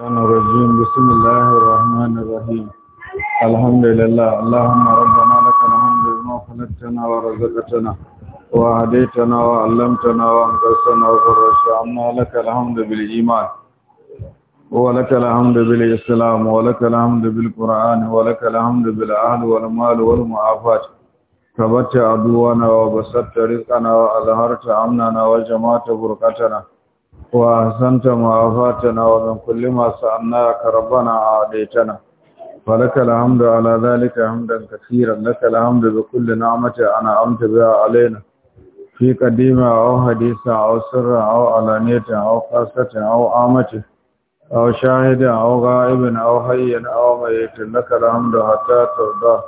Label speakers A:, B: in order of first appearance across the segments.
A: الشيطان الرجيم بسم الله الرحمن الرحيم الحمد لله اللهم ربنا لك الحمد بما خلقتنا ورزقتنا وهديتنا وعلمتنا وانقذتنا وفرشنا لك الحمد بالإيمان ولك الحمد بالإسلام ولك الحمد بالقرآن ولك الحمد بالأهل والمال والمعافات كبت عدونا وبسطت رزقنا وأظهرت أمننا وجمعت بركتنا وأحسنت ما ومن كل ما سألناك ربنا عاديتنا فلك الحمد على ذلك حمدا كثيرا لك الحمد بكل نعمة أنا أمت بها علينا في قديمة أو حديثة أو سر أو علانية أو خاصة أو عامة أو شاهد أو غائب أو حي أو ميت لك الحمد حتى ترضى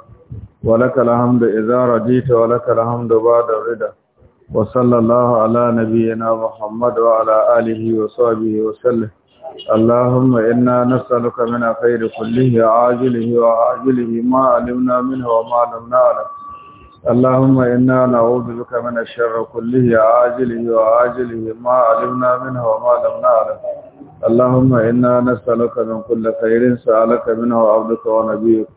A: ولك الحمد إذا رضيت ولك الحمد بعد الرضا وصلى الله على نبينا محمد وعلى آله وصحبه وسلم
B: اللهم إنا نسألك من خير كله عاجله وعاجله ما علمنا منه وما لم نعلم اللهم إنا نعوذ بك من الشر كله عاجله وعاجله ما علمنا منه وما لم نعلم
A: اللهم إنا نسألك من كل خير سألك منه عبدك ونبيك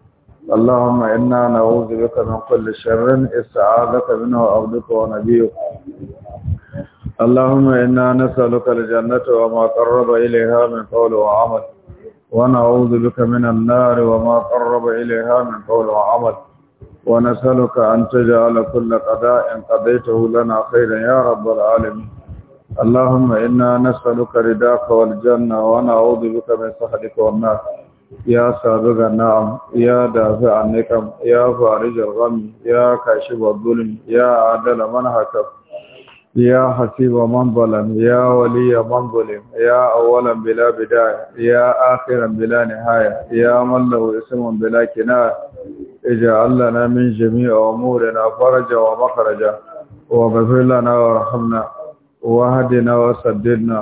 A: اللهم إنا نعوذ بك من كل شر استعاذك منه عبدك ونبيك اللهم إنا نسألك الجنة وما قرب إليها من قول وعمل ونعوذ بك من النار وما قرب إليها من قول وعمل ونسألك أن تجعل كل قضاء قضيته لنا خيرا يا رب العالمين اللهم إنا نسألك رداك والجنة ونعوذ بك من سخطك والنار ya sabu ga na’am ya dafi annikan ya fari jirgami ya kashi babbulin ya adala man haka ya hasiba man balan ya waliya man bulim ya awalan bila bidaya ya akiran bila nihaya ya mallawa isimun bila kina ija Allah na min jami'a wa mure na faraja wa makaraja wa gafila na wa wa hadina wa saddina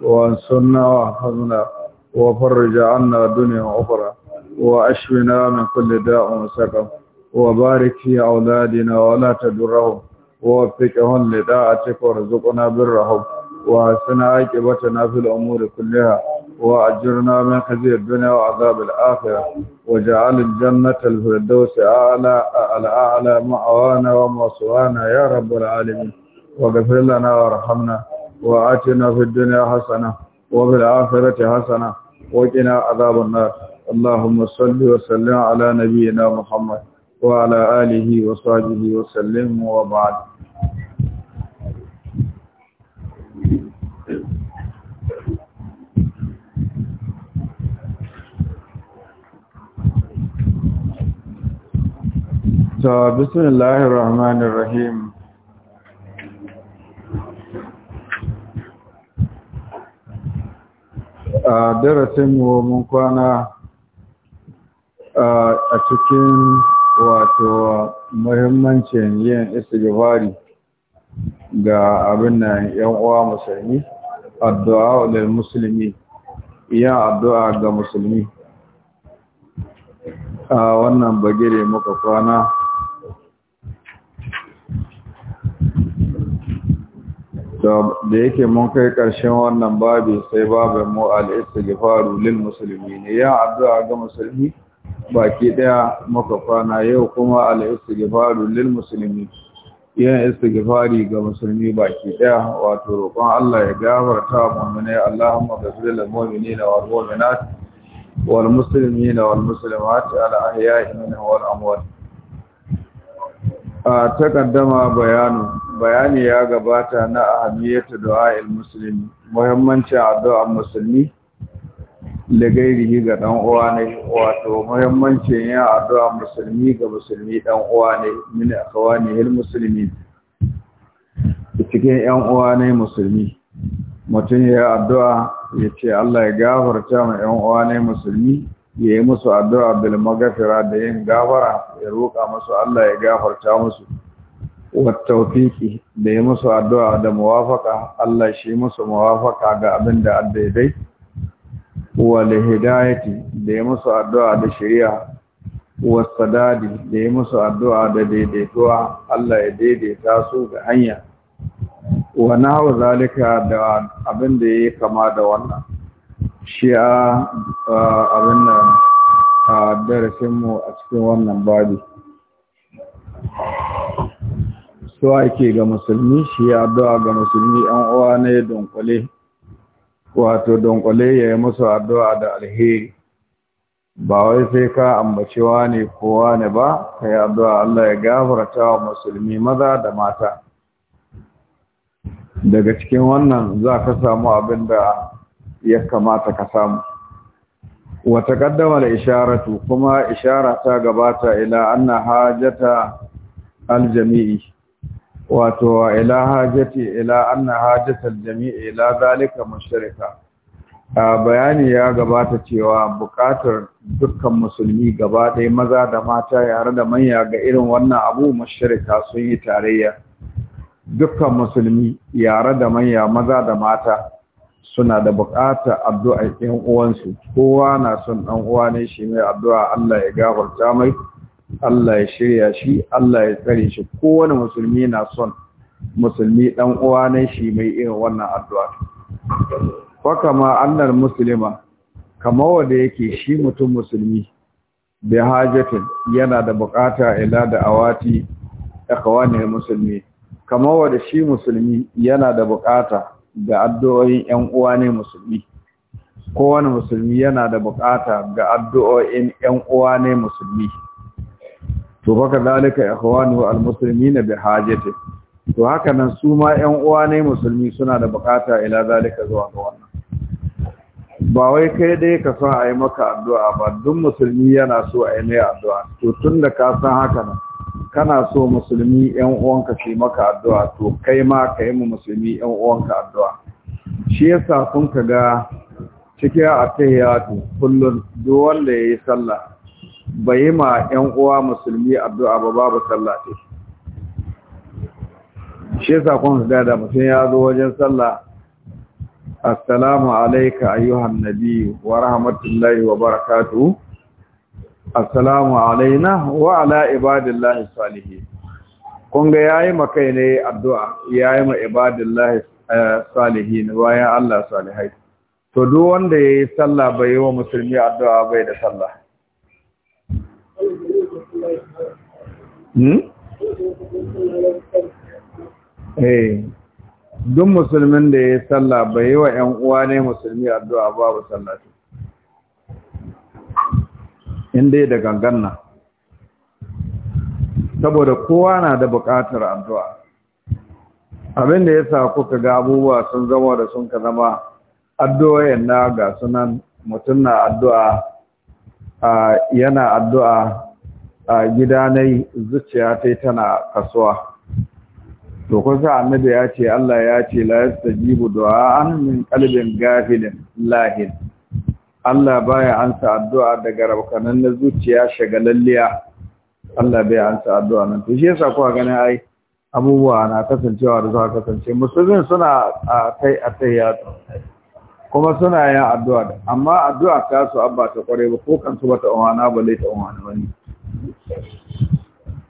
A: wa sunna wa hamna وفرج عنا دنيا أخرى وأشفنا من كل داء وسقم وبارك في أولادنا ولا تدرهم ووفقهم لطاعتك وارزقنا برهم وحسن عاقبتنا في الأمور كلها
B: وأجرنا من خزي الدنيا وعذاب الآخرة وجعل الجنة الفردوس أعلى الأعلى معوانا ومصوانا يا رب العالمين واغفر
A: لنا وارحمنا وآتنا في الدنيا حسنة وفي الآخرة حسنة وقنا عذاب النار اللهم صل وسلم على نبينا محمد وعلى آله وصحبه وسلم وبعد بسم الله الرحمن الرحيم a darasin mu mun kwana a cikin wato muhimmancin yin istighfari ga abin nan yan uwa musulmi addu'a lil musulmi iya addu'a ga musulmi a wannan bagire muka kwana da yake mun kai ƙarshen wannan babi sai babu mu al-istighfaru lil muslimin ya addu'a ga musulmi baki daya muka kwana yau kuma al-istighfaru lil muslimin yin istighfari ga musulmi baki daya wato roƙon Allah ya
B: gafarta mu'mini Allahumma ghfir lil mu'minina wal mu'minat
A: wal muslimina wal
B: muslimat al ahya'i minhum wal amwat
A: a takaddama bayanu bayani ya gabata na ahamiyatu du'a'il muslimi muhimmancin addu'a musulmi da gairihi ga dan uwa ne wato muhimmancin yin addu'a musulmi ga musulmi dan uwa ne min akhawani hil muslimin cikin yan uwa ne musulmi mutum ya addu'a ya ce Allah ya gafarta ma yan uwa ne musulmi ya yi musu addu'a bil magafira da yin gafara ya
B: roƙa musu
A: Allah ya gafarta musu wattaufiki da ya musu addu'a da muwafaka Allah shi musu muwafaka ga abin da addaidai wale hidayati da ya musu addu'a da shari'a wasadadi da ya musu addu'a da daidaituwa Allah ya daidaita su ga hanya wa nahu zalika da abin da ya kama da wannan shi a abin nan a darasinmu a cikin wannan babi so ake ga musulmi shi ya addu'a ga musulmi an uwa ne dunkule wato dunkule ya yi musu addu'a da alheri ba wai sai ka ambacewa ne kowa ne ba ka yi addu'a Allah ya gafarta wa musulmi maza da mata daga cikin wannan za ka samu abin da ya kamata ka samu wata kaddama da isharatu kuma ishara ta gabata ila anna hajata aljami'i wato ila hajati ila anna hajatal jami'i ila zalika mushrika bayani ya gabata cewa bukatar dukkan musulmi gaba ɗaya maza da mata yare da manya ga irin wannan abu mushrika sun yi tarayya dukkan musulmi yare da manya maza da mata suna da bukatar addu'a ɗin uwansu kowa na son ɗan uwa ne shi mai addu'a Allah ya gafarta mai Allah ya shirya shi Allah ya tsare shi kowane musulmi na son musulmi dan uwa ne shi mai irin wannan addu'a fa kama annar musulma, kama wanda yake shi mutum musulmi bi hajatin yana da bukata ila da awati ikhwani musulmi kama wanda shi musulmi yana da bukata ga addu'o'in ƴan uwa ne musulmi kowane musulmi yana da bukata ga addu'o'in ƴan uwa ne musulmi to baka zalika ikhwanu almuslimina bihajati to haka nan su ma ƴan uwa ne musulmi suna da bukata ila dalika zuwa ga wannan ba wai kai dai ka san a yi maka addu'a ba duk musulmi yana so a yi mai addu'a to tun da ka san haka nan kana so musulmi ƴan uwanka su maka addu'a to kai ma ka yi mu musulmi ƴan uwanka addu'a shi yasa kun ka ga cikin atahiyatu kullum duk wanda yayi sallah bayi yi ma 'yan uwa musulmi addu'a ba babu sallah ce shi yasa kun da da mutum ya zo wajen sallah assalamu alayka ayyuhan nabi wa rahmatullahi wa barakatuh assalamu alayna wa ala ibadillahi salihin kun ga yayi makai ne addu'a yayi ma ibadillahi eh, salihin ya Allah salihai to duk wanda yayi sallah bai yi wa musulmi addu'a bai da sallah
B: Hmm? Eh,
A: duk musulmin da ya sallah bai yi wa ‘yan uwa ne musulmi addu'a ba sallatu inda ya da ganganna saboda kowa na da buƙatar addu'a abin da ya sa kuka ga abubuwa sun zama da sun ka zama addu'o'in na ga sunan mutum na addu'a yana addu'a a gida na zuciya tai tana kasuwa to kusa annabi ya ce Allah ya ce la yastajibu an min qalbin gafilin lahin Allah baya ansa addu'a daga rabkanan na zuciya shagalalliya Allah bai ansa addu'a nan to shi yasa kuwa ganin ai abubuwa na kasancewa da zuwa kasance musulmin suna a kai a kai ya kuma suna yin addu'a amma addu'a ta su abba ta kware ba ko kansu bata umana ba lai ta umarna wani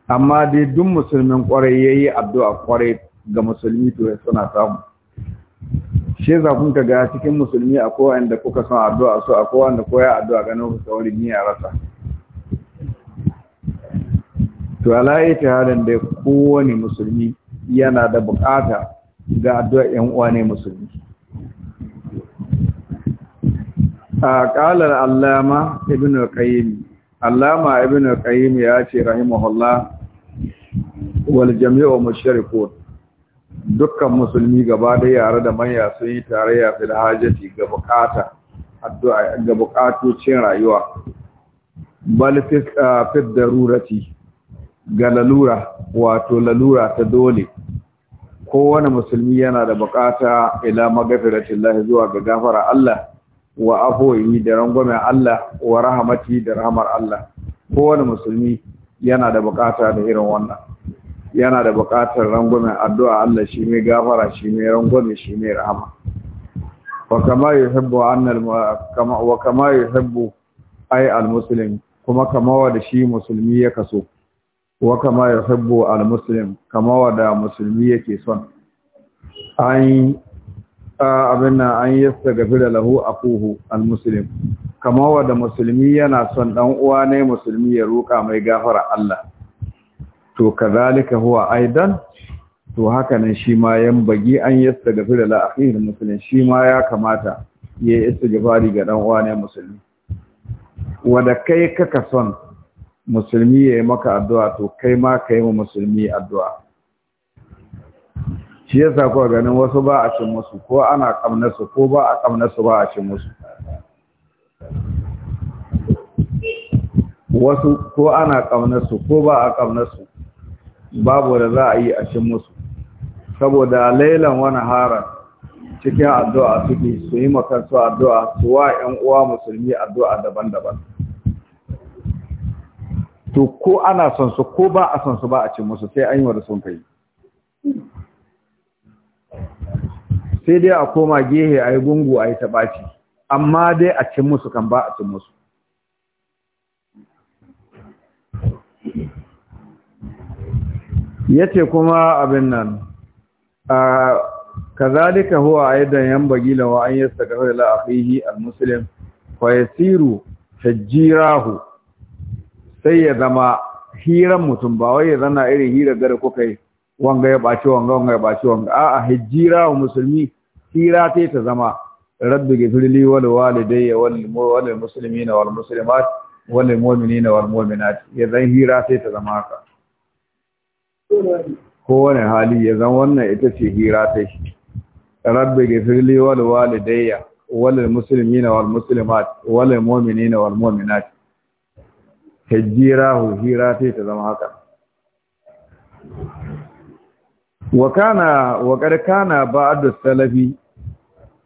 A: amma dai duk musulmin kwarai yi addu'a kwarai ga musulmi to suna samu shi za kun ga cikin musulmi a kowa inda kuka son addu'a su akwai wanda koya addu'a ganin ku sauri ni a rasa to yi ta halin da kowane musulmi yana da bukata ga addu'a ‘yan uwa ne musulmi. A ƙalar Allama Ibn Qayyim allama ibn qayyim ya ce rahimahullah wal jami'u mushrikun dukkan musulmi gaba da yare da manya sun yi tarayya fil hajati ga bukata addu'a ga cin rayuwa bal fi darurati ga lalura wato lalura ta dole kowane musulmi yana da bukata ila magfiratillah zuwa ga gafara Allah wa afoyi da rangwamen Allah wa rahamati da rahamar Allah kowane musulmi yana da bukata da irin wannan yana da bukatar rangwamen addu'a Allah shi mai gafara shi mai rangwame shi mai rahama wa kama yuhibbu annal kama wa kama yuhibbu ay al muslim kuma kama wanda da shi musulmi ya kaso wa kama yuhibbu al muslim kama wanda da musulmi yake son an abin nan an yasta da lahu akuhu almuslim kama wadda musulmi yana son dan uwa ne musulmi ya roka mai gafara Allah to kazalika huwa aidan to haka nan shi ma yan bagi an yasta gafira la akhihi Musulmi shi ma ya kamata ya yi istighfari ga dan uwa ne musulmi Wadda kai kaka son musulmi ya yi maka addu'a to kai ma kai ma musulmi addu'a shi yasa kuwa ganin wasu ba a cin musu ko ana kamnarsu ko ba a su ba a cin musu wasu ko ana kamnarsu ko ba a kamnarsu babu da za a yi a cin musu saboda lailan wani harar cikin addu'a suke su yi makansu addu'a su wa ‘yan uwa musulmi addu'a daban-daban to ko ana son su ko ba a son su ba a cin musu sai an yi wa da sun kai sai dai a koma gehe a yi gungu a yi taɓaci amma dai a cin musu kan ba a cin musu Ya ce kuma abin nan a kazalika huwa yan bagila wa an yastaghfira li akhihi almuslim fa yasiru tajirahu sai ya zama hiran mutum ba wai ya zana irin hira gare kuka yi wanga ya baci wanga wanga ya baci wanga a'a hijira wa musulmi hira ta ta zama rabbi gifirli wal walidayya wal muslimina wal muslimat wal mu'minina wal mu'minat ya zan hira ta ta zama haka kowane hali ya zan wannan ita ce hira ta shi rabbi gifirli wal walidayya wal muslimina wal muslimat wal mu'minina wal mu'minat hijira hu hira ta ta zama haka wa kana ba kana salafi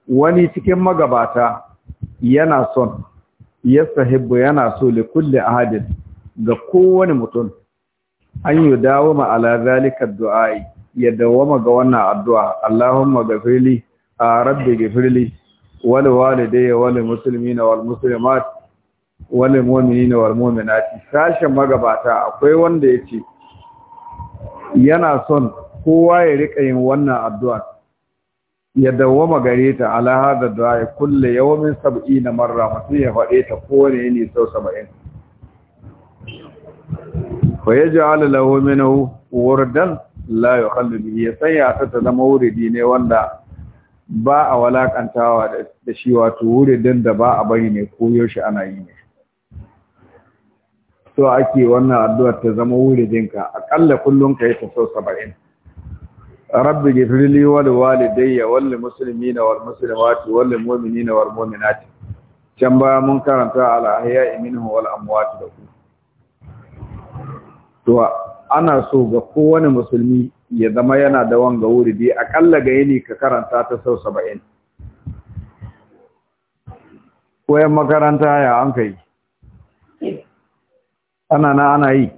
A: wani cikin magabata yana son sahibu yana so ya kulle ahadin ga kowane mutum an yi dawo ma ala zalika du'ai ya dawo ma ga wannan addu'a Allahumma gafirli a rabbi gafirli wal walidayya wal muslimina wal muslimat wal mu'minina wal mu'minati sashen magabata akwai wanda ya ce, yana son kowa ya riƙa yin wannan addu'a ya dawwama gare ta ala hada du'a kullu yawmin na marra mutum ya faɗe ta kowane yini sau 70 fa yaj'al lahu minhu wurdan la ya sanya ta ta zama wuridi ne wanda ba a walakantawa da shi wato wuridin da ba a bari ne ko yaushe ana yi ne so ake wannan addu'ar ta zama wuridinka aƙalla kullum ka yi ta sau saba'in رب اغفر لي ولوالدي وللمسلمين والمسلمات وللمؤمنين والمؤمنات كما baya mun karanta al'ahya minhu wal amwat da ku to ana so ga kowane musulmi ya zama yana da wanga wuri bi akalla ga yini ka karanta ta sau 70 ko koyan makaranta ya an kai ana na ana yi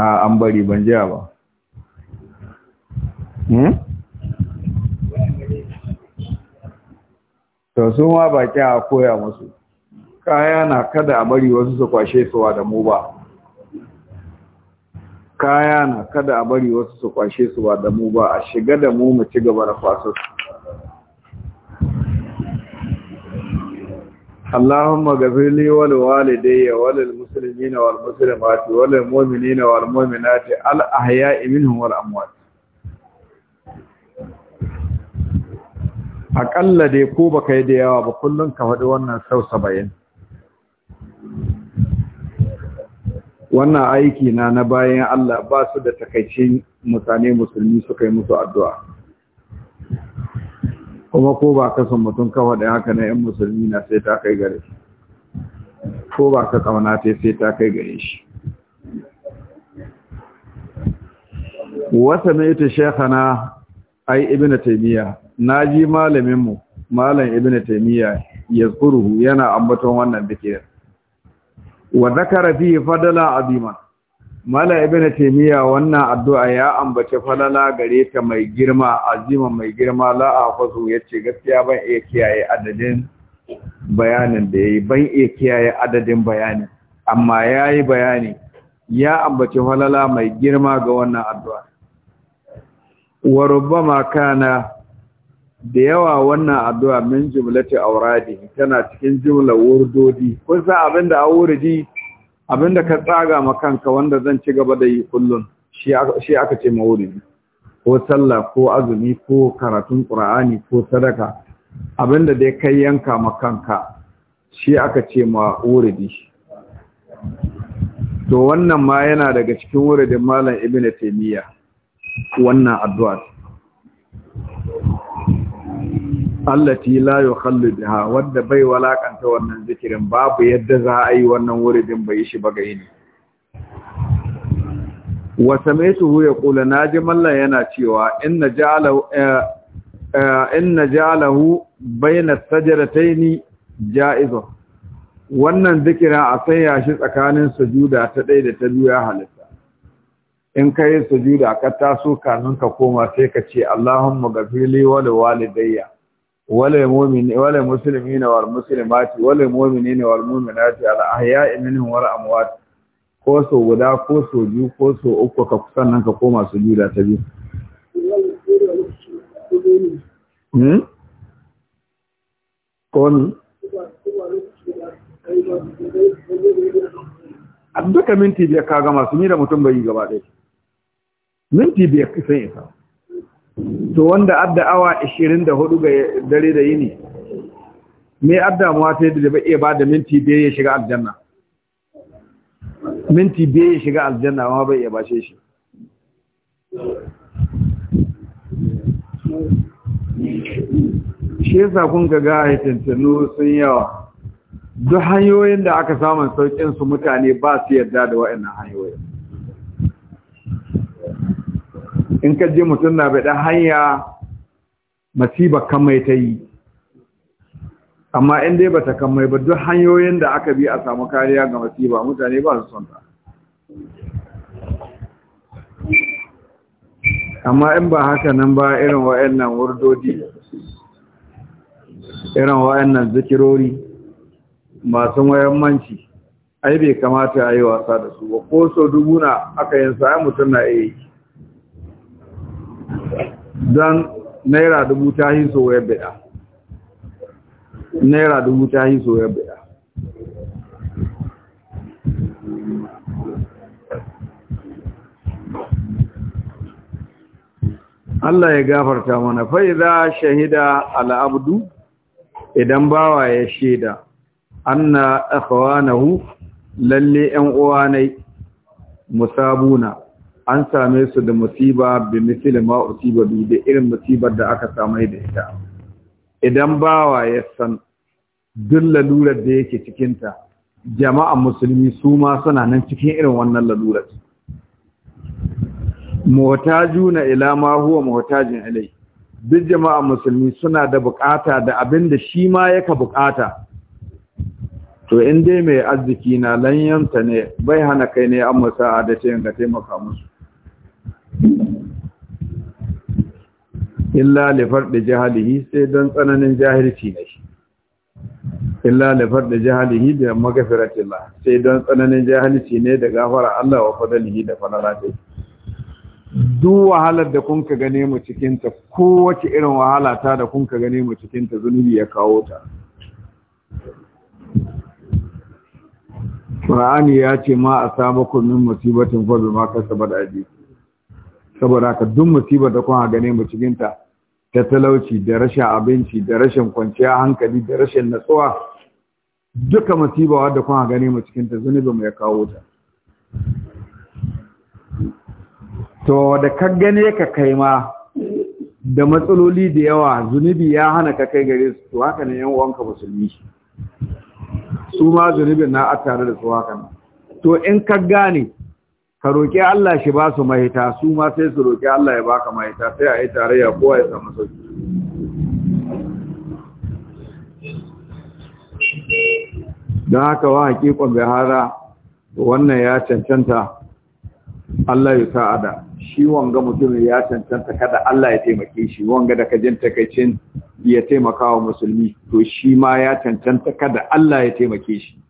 A: a an bari ban jiya ba Hmm? to su ma bakin a koya musu kaya na kada a bari wasu su kwashe suwa da mu ba kaya na kada a bari wasu su kwashe suwa da mu ba a shiga da mu mu ci gaba da kwaso اللهم اغفر لي ولوالدي وللمسلمين والمسلمات وللمؤمنين والمؤمنات الأحياء منهم والأموات aƙalla dai ko ba ka yi da yawa ba kullum ka faɗi wannan sau saba'in wannan aiki na na bayan Allah ba su da takaicin mutane musulmi suka yi musu addu'a kuma ko ba ka son mutum kawai da haka na 'yan musulmi na sai ta kai gare shi ko ba ka ƙauna ta sai ta kai gare shi wata mai ta shekana ai ibina taimiyya na ji malaminmu malam ibn taymiya ya yana ambaton wannan zikirin wa zakara fi fadala azima malam ibn taymiya wannan addu'a ya ambace falala gare ta mai girma azima mai girma la afazu yace gaskiya ban iya kiyaye adadin bayanin da yayi ban iya kiyaye adadin bayani amma yayi bayani ya ambace falala mai girma ga wannan addu'a wa rubbama kana da yawa wannan addu'a min jumlati auradi tana cikin jimla wurdodi kun sa abinda a wurdi abinda ka tsaga ma kanka wanda zan ci gaba da yi kullun shi shi aka ce mawlidi ko sallah ko azumi ko karatun qur'ani ko sadaka abinda dai kai yanka ma kanka shi aka ce ma to wannan ma yana daga cikin wuridin malam ibnu taymiya wannan addu'a allati la yukhallu biha wanda bai walakanta wannan zikirin babu yadda za a yi wannan wuridin bai shi ba gaini wa samaituhu yaqulu najim Allah yana cewa inna ja'alahu eh, eh, inna ja'alahu bayna sajdataini ja'izun wannan zikira a sanya shi tsakanin sujuda ta ɗaya da ta biyu halitta in ka yi sujuda ka taso kanun ka koma sai ka ce Allahumma gafirli wa walidayya wala mu'mini wala muslimina wal muslimati wala mu'minina wal mu'minati al ahya'i minhum amwat ko so guda ko so biyu ko so uku ka kusan nan ka koma sujuda ta biyu hmm kon duka minti biyar ka gama su ni da mutum bai yi gaba dai minti biyar kisan isa to wanda adda awa 24 ga dare da yini me adda mu yadda da ba iya bada minti biye ya shiga aljanna minti biye ya shiga aljanna amma bai iya bashe shi shi yasa kun ga ga tantanu sun yawa duk hanyoyin da aka samun saukin su mutane ba su yarda da wa'annan hanyoyin in ka je mutum na bai hanya masiba kan ta yi amma in dai bata kan mai ba duk hanyoyin da aka bi a samu kariya ga masiba mutane ba su son ta amma in ba haka nan ba irin wa'annan wurdodi irin wa'annan zikirori masu muhimmanci ai bai kamata a yi wasa da su ba ko so dubu na aka yin sa mutum na iya yi don naira dubu ta yi soyar bida naira dubu ta yi soyar bida Allah ya gafarta mana fa'iza shahida al'abdu idan bawa ya shaida anna akhwanahu lalle 'yan uwanai musabuna an same su da musiba bi misali ma usiba bi da irin musibar da aka same da ita idan bawa ya san duk lalurar da yake cikinta jama'a musulmi su ma suna nan cikin irin wannan lalurar muhtajuna ila ma huwa muhtajin ilai duk jama'a musulmi suna da bukata da abin da shi ma yaka bukata to in dai mai arziki na lanyanta ne bai hana kai ne an musa'a da ce in ka taimaka musu illa li farɗi jahalihi sai don tsananin jahilci ne shi illa li farɗi jahalihi bi maghfiratillah sai don tsananin jahilci ne da gafara Allah wa fadalihi da fadalati duk wahalar da kun ka gane mu cikin ta kowace irin wahala ta da kun ka gane mu cikin ta zunubi ya kawo ta Qur'ani ya ce ma asabakum min musibatin fa bima kasabat aydikum saboda haka duk musibar da kuma gane mu cikin ta ta talauci da rashin abinci da rashin kwanciya hankali da rashin natsuwa duka musiba wadda kuma gane mu cikin ta zunubi mu ya kawo ta to da ka gane ka kai ma da matsaloli da yawa zunubi ya hana ka kai gare su to haka ne yan uwanka musulmi su ma zunubin na a tare da su haka to in ka gane ka roƙi Allah shi ba su mahita su ma sai su roƙi Allah ya baka mahita sai a yi tarayya kowa ya samu sauki don haka wa hakikon bihara wannan ya cancanta Allah ya sa'ada shi wanga mutum ya cancanta kada Allah ya taimake shi wanga da kajin takaicin ya taimaka wa musulmi to shi ma ya cancanta kada Allah ya taimake shi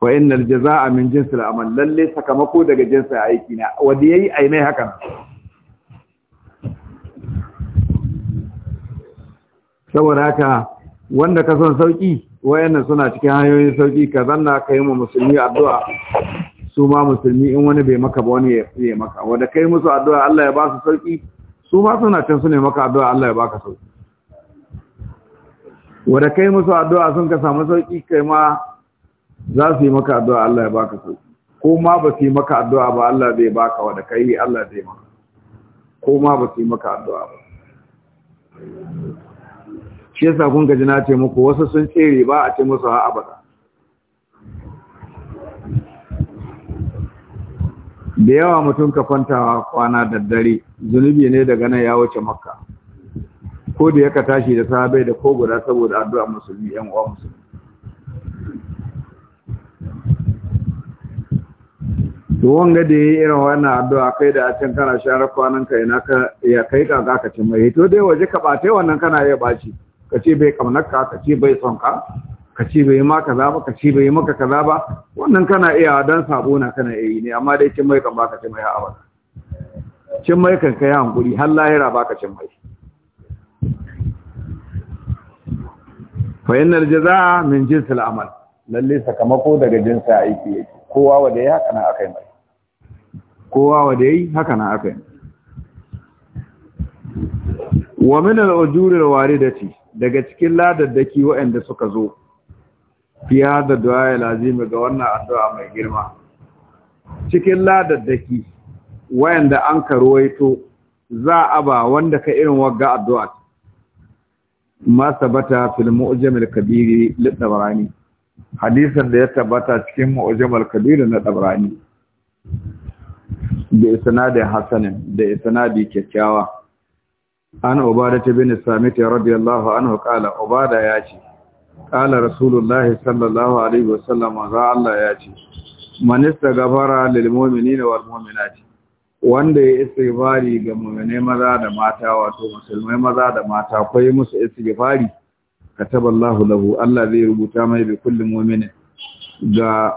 A: wa inna aljaza'a min jinsil amal lalle sakamako daga jinsin aiki na wanda yayi ainai hakan saboda haka wanda ka son sauki wayannan suna cikin hanyoyin sauki ka zanna kai mu musulmi addu'a su ma musulmi in wani bai maka ba wani ya yi maka wanda kai musu addu'a Allah ya ba su sauki su ma suna can su ne maka addu'a Allah ya baka sauki wanda kai musu addu'a sun ka samu sauki kai ma za su yi maka addu'a Allah ya baka su, ko ma ba su yi maka addu'a ba Allah zai baka wa da kai Allah zai maka ko ma ba su yi maka addu'a ba shi yasa kun gaji na ce muku wasu sun tsere ba a ce musu ha abada da yawa mutum ka kwantawa kwana da dare zunubi ne daga nan ya wuce makka ko da yaka tashi da sabai da ko guda saboda addu'a musulmi yan uwa musulmi to wanga da yi irin wannan addu'a kai da can kana share kwanan ka ina ka ya kai ga ka cin mai eh, to dai waje ka bate wannan kana iya baci ka ce bai kaunar ka ka ce bai son ka ka ce bai ma kaza ba ka ce bai maka kaza ba wannan kana iya dan sabo na kana iya yi ne amma dai cin mai kan baka cin mai a cin mai kan kai hankuri har lahira baka cin mai fa innal min jinsil amal lalle sakamako daga jinsa aiki yake kowa wanda ya haka na akai mai kowa da yayi haka na aka yi wa min al ware da ci daga cikin ladaddaki waɗanda suka zo fiye da du'a ya lazimi ga wannan addu'a mai girma cikin ladaddaki waɗanda an karwaito za a ba wanda ka irin wagga addu'a ma sabata filmu mu'jam kabiri kabir lid hadisin da ya tabbata cikin mu'jam Kabiru na ɗabrani da isnadi hasanin da isnadi kyakkyawa an ubada ta bin samit radiyallahu anhu qala ubada ya ce qala rasulullahi sallallahu alaihi wasallam za Allah ya ce man istaghfara lil mu'minina wal mu'minati wanda ya istighfari ga mu'minai maza da mata wato musulmai maza da mata koyi musu istighfari kataballahu lahu Allah zai rubuta mai bi kulli mu'minin ga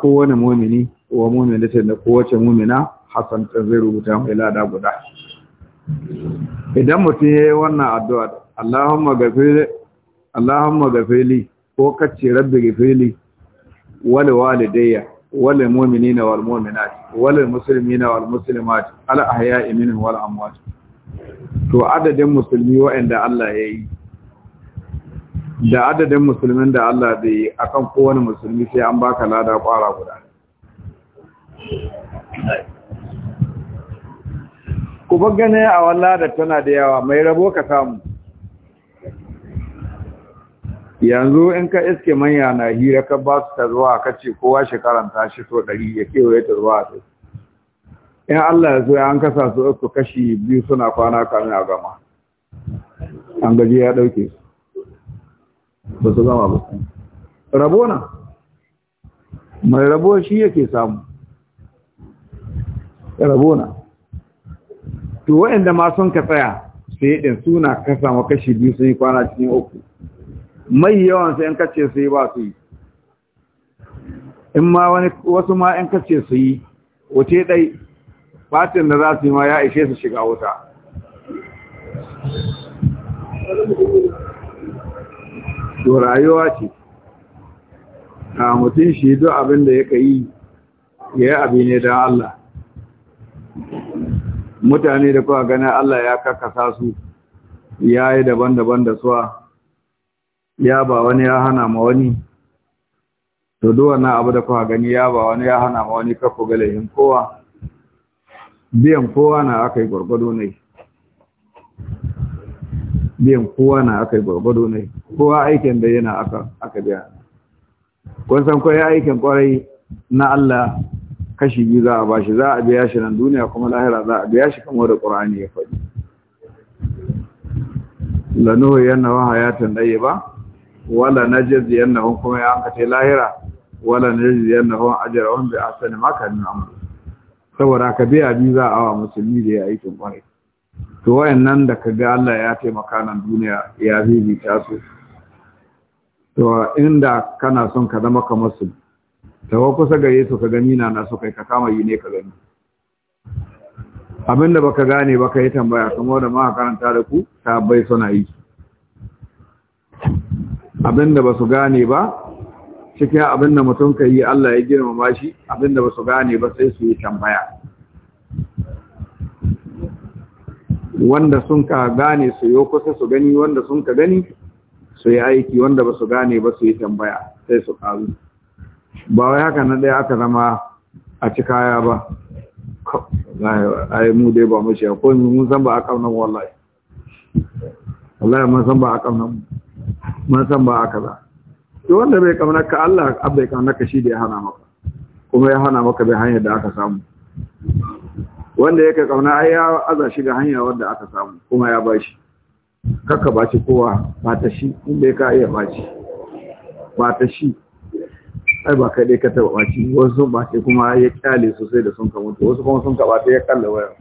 A: kowane mu'mini wa mu'min da kowace mu'mina hasanatan zai rubuta mai lada guda idan mutum yayi wannan addu'a Allahumma ghafir Allahumma ghafirli ko kacce rabbi ghafirli wal walidayya wal mu'minina wal mu'minat wal muslimina wal muslimat al ahya'i minhum wal amwat to adadin musulmi wa'anda Allah yayi da adadin musulmin da Allah zai yi akan kowane musulmi sai an baka lada kwara guda ku bagane a walla da tana da yawa mai rabo ka samu yanzu in ka iske manya na hira ka ba su ta zuwa ka ce kowa shekaranta shi so ɗari ya kewaye ta zuwa ta in Allah ya so ya an kasa su uku kashi biyu suna kwana kamin a gama an gaji ya ɗauke ba su gama ba rabo na mai rabo shi yake samu rabona to waɗanda ma sun ka tsaya sai din suna ka samu kashi biyu sun yi kwana cikin uku mai yawan sai an kace su ba su yi in ma wani wasu ma in kace su yi wace dai fatin da za su yi ma ya ishe su shiga wuta to rayuwa ce a mutum shi duk abin da ya kayi yi ya yi abu ne don Allah mutane da kuwa gani Allah ya kakasa su ya yi daban-daban da suwa ya ba wani ya hana ma wani to duk wannan abu da kuwa gani ya ba wani ya hana ma wani kafa galahin kowa biyan kowa na aka yi gwargwado ne biyan kowa na aka yi gwargwado ne kowa aikin da yana aka biya kun san kwaye aikin kwarai na Allah kashi biyu za a bashi za a biya shi nan duniya kuma lahira za a biya shi kamar da ƙur'ani ya faɗi lanuhu yana wa hayatan ɗaya ba wala najzi yanahum
B: kuma ya anka
A: lahira wala najzi yanahum ajrahum bi ahsani ma kanu amal saboda ka biya biyu za a wa musulmi da ya aikin kwarai to wayannan da kaga Allah ya taimaka nan duniya ya zai ta su to inda kana son ka zama kamar su tawa kusa gare su ka gani na nasu kai ka kama yi ne ka gani abinda baka gane baka yi tambaya kuma da ma karanta da ku ta bai suna yi abinda ba su gane ba cikin abinda mutum ka yi Allah ya ba shi abinda ba su gane ba sai su yi tambaya wanda sun ka gane su yi kusa su gani wanda sun ka gani su yi aiki wanda ba su gane ba su yi tambaya sai su ƙaru ba wai haka na ɗaya aka zama a ci kaya ba ai mu dai ba mu shi ko mun san ba a kaunan wallahi wallahi mun san ba a kaunan mun san ba a kaza to wanda bai kaunar ka Allah abai kaunar ka shi da ya hana maka kuma ya hana maka bai hanyar da aka samu wanda yake kauna ai ya aza shi ga hanya wanda aka samu kuma ya bashi kakka bashi kowa ba ta shi inda ya ka iya bashi ba ta shi ai ba kai dai ka taba baki. wasu sun ɓace kuma ya kyale sosai da sun ka mutu wasu kuma sun kaba ta ya kalla waya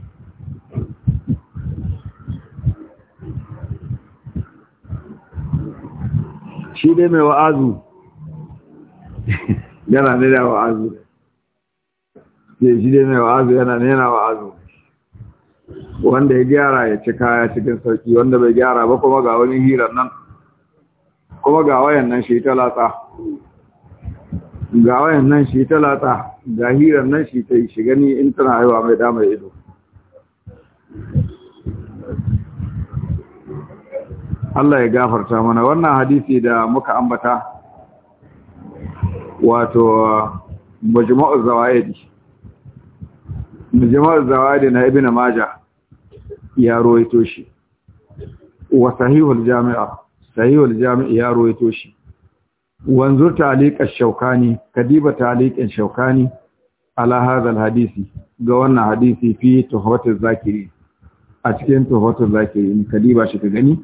A: shi dai mai wa'azu yana ne da wa'azu sai shi dai mai wa'azu yana ne yana wa'azu wanda ya gyara ya ci kaya cikin sauki wanda bai gyara ba kuma ga wani hirar nan kuma ga wayan nan shi ta latsa ga wayan nan shi ta latsa ga hirar nan shi ta yi shi gani in tana haihuwa mai damar ido Allah ya gafarta mana wannan hadisi da muka ambata wato majmu'uz zawaidi majmu'uz zawaidi na ibn majah ya ruwaito shi wa sahihul jami'a sahihul jami'a ya ruwaito shi wanzur taliqan shaukani kadiba taliqan shaukani ala hadha hadisi ga wannan hadisi fi tuhfatul zakiri a cikin tuhfatul zakiri in kadiba shi ka gani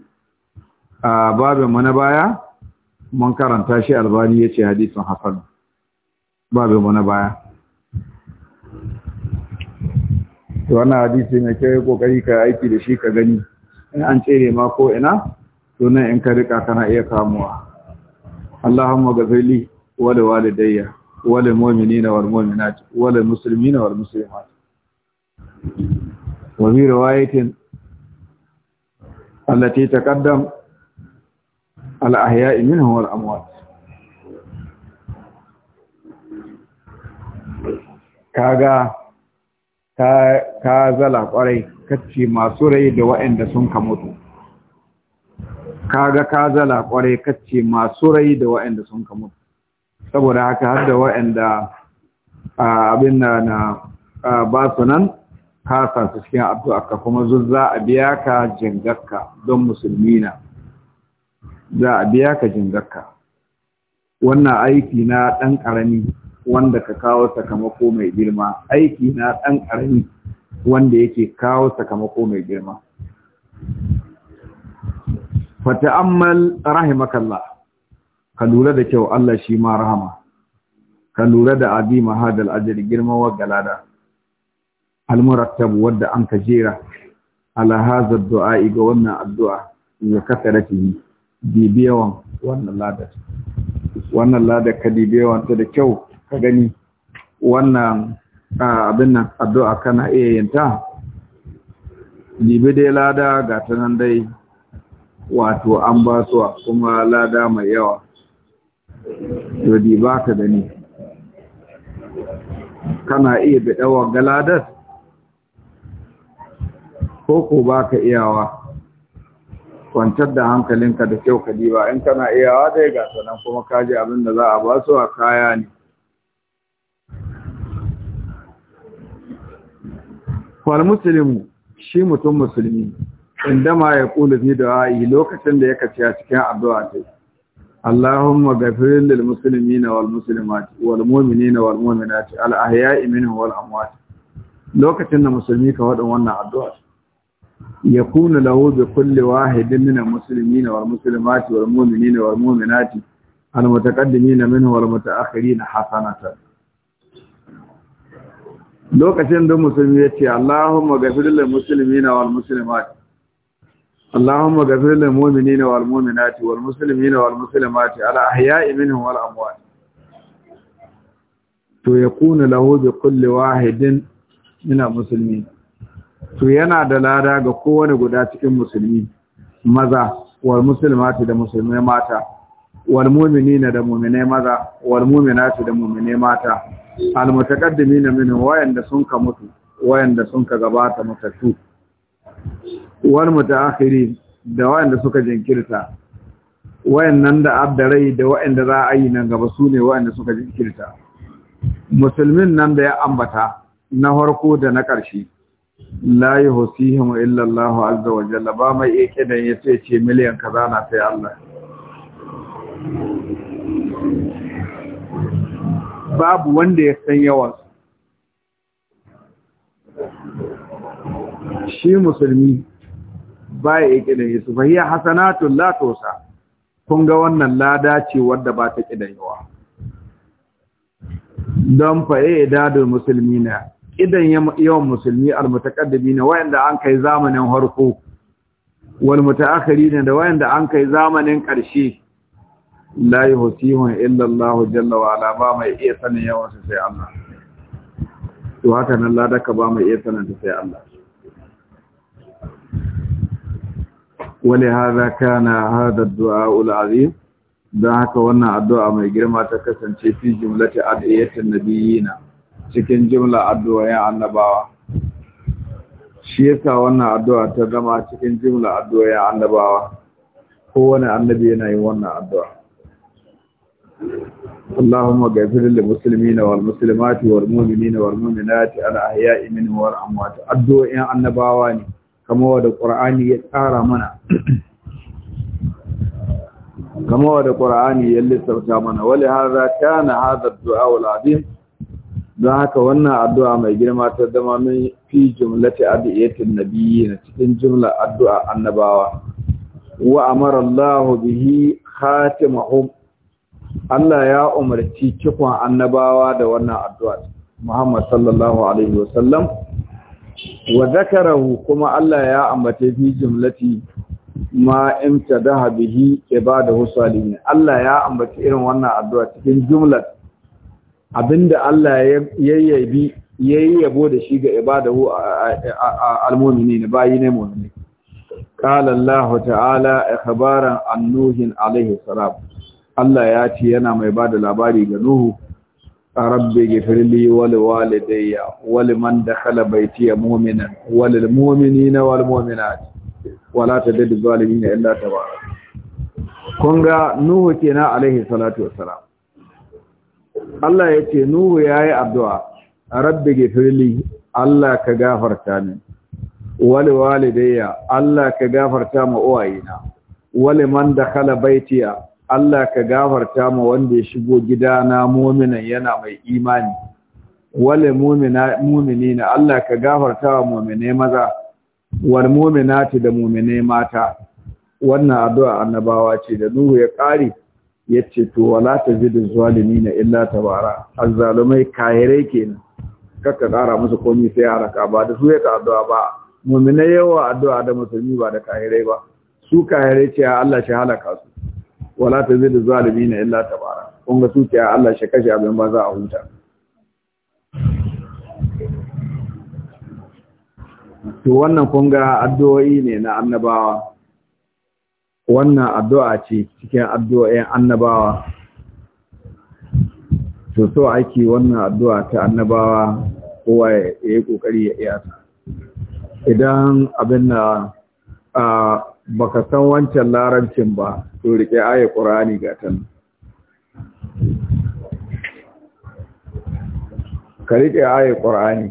A: a babin mu na baya mun karanta shi albani yace hadisin hasan babin mu na baya to wannan hadisi mai kyau kokari ka aiki da shi ka gani in an tsere ma ko ina to nan in ka rika kana iya kamuwa اللهم اغفر لي ولوالدي وللمؤمنين والمؤمنات وللمسلمين والمسلمات وفي رواية التي تقدم الأحياء منهم والأموات kaga ka ka zala kwarai kace masu rai da waɗanda sun ka kaga ka zala kwarai kace masu rai da waɗanda sun kamu saboda haka har da waɗanda abin da na ba su nan ka sasu cikin addu'a ka kuma zuzza a biya ka jingakka don musulmi na za a biya ka jingakka wannan aiki na ɗan ƙarami wanda ka kawo sakamako mai girma aiki na ɗan ƙarami wanda yake kawo sakamako mai girma fata'ammal rahimakallah ka lura da kyau Allah shi ma rahama ka lura da azima hadal ajri Galada. wagalada almurattab wadda an ka jera ala hadha du'a ga wannan addu'a ya kasarati bibiyawan wannan ladar wannan ladar ka bibiyawan ta da kyau ka gani wannan abin nan addu'a kana iya ta? libe dai lada ga ta nan dai wato an ba su kuma lada mai yawa to ba ka ni kana iya biɗawar galadar ko ko ba ka iyawa kwantar da hankalinka da kyau ka diba in kana iyawa dai ga sanan kuma kaji abin da za a ba su a kaya ne fal musulmi shi mutum musulmi indama ya kulu fi du'a'i lokacin da ya cewa a cikin addu'a ta Allahumma ghafir lil muslimina wal muslimat wal mu'minina wal mu'minat al ahya'i minhum wal amwat lokacin da musulmi ka wadan wannan addu'a ya kula lahu bi kulli wahidin min al muslimina wal muslimat wal mu'minina wal mu'minat al mutaqaddimina minhum wal mutaakhirin hasanatan lokacin da musulmi ya ce Allahumma ghafir lil muslimina wal muslimat اللهم اغفر للمؤمنين والمؤمنات والمسلمين والمسلمات الأحياء منهم والأموات to ya kuna lahu bi kulli wahidin mina musulmi to yana da lada ga kowane guda cikin musulmi maza wal muslimati da musulmai mata wal mu'minina da mu'minai maza wal mu'minati da mu'minai mata al mutaqaddimina minhum wayanda sun ka mutu wayanda sun ka gabata mutattu wani mutaakhiri da wanda suka jinkirta wayannan da abdarai da wayanda za a yi nan gaba su ne wayanda suka jinkirta musulmin nan da ya ambata na harko da na ƙarshe la yuhsihim illallahu illallahu azza wa jalla ba mai yake da yace ce miliyan kaza na sai Allah babu wanda ya san yawan shi musulmi baya ya ƙidan yesu fa hiya hasanatun la tusa kun ga wannan lada ce wanda ba ta kidanyawa don fa ya eh, musulmi na idan yawan musulmi na wayanda an kai zamanin harko wal mutaakhirin da wayanda an kai zamanin ƙarshe la yuhsihun illa Allahu, jalla wa ala ba mai
B: iya sanin yawan sai Allah
A: to haka nan ladaka ba mai iya sanin sai Allah ولهذا كان هذا الدعاء العظيم ذاك وانا الدعاء mai girma ta kasance fi jumlati adiyatin cikin jimla addu'a annabawa shi yasa wannan addu'a ta zama cikin jimla addu'a annabawa kowane annabi yana yin wannan addu'a na اغفر للمسلمين والمسلمات والمؤمنين والمؤمنات الاحياء amma ta addu'a annabawa ne kamar da ƙur'ani ya tsara mana kamar da ƙur'ani ya lissafta mana wali haza kana hadha du'a wal azim don haka wannan addu'a mai girma ta zama mai fi jumlati adiyatin nabiyyi na cikin jumla addu'a annabawa wa amara Allah bihi khatimahum Allah ya umarci cikon annabawa da wannan addu'a Muhammad sallallahu alaihi wa sallam. wa zakarahu kuma Allah ya ambace fi jumlati ma imtadaha bihi ibadahu salihin Allah ya ambace irin wannan addu'a cikin jumlat abinda Allah ya yabo da shi ga ibadahu a bayi ne mu'mini qala Allah ta'ala ikhbaran an nuhin Allah ya ce yana mai ba da labari ga Nuhu رب اغفر لي ولوالدي ولمن دخل بيتي مؤمنا وللمؤمنين والمؤمنات ولا تدد الظالمين الا تبارا kunga nuhu kenan Alayhi salatu wassalam Allah yace nuhu yayi addu'a rabbi gifirli Allah ka gafarta min wal walidayya Allah ka gafarta ma uwayina wal man dakhala baytiya Allah ka gafarta ma wanda ya shigo gidana muminan yana mai imani wale na Allah ka gafarta wa mumine maza war da mumine mata wannan addu'a annabawa ce da nuhu ya ƙari ya ce to wala ta zidu na illa tabara azzalumai kayirai kenan kakka ƙara musu komai sai haraka ba da su ya ka addu'a ba mumine yawa addu'a da musulmi ba da kahirai ba su kahirai ce Allah shi halaka su wala tazidu zalimin illa tabara kun ga tukiya Allah shi kashe abin ba za a huta to wannan kun ga addu'o'i ne na annabawa wannan addu'a ce cikin addu'o'in annabawa to so ake wannan addu'a ta annabawa kowa ya yi ƙoƙari ya iya ta idan abin na baka san wancan larancin ba to rike ayat qur'ani ga tan ka rike ayat qur'ani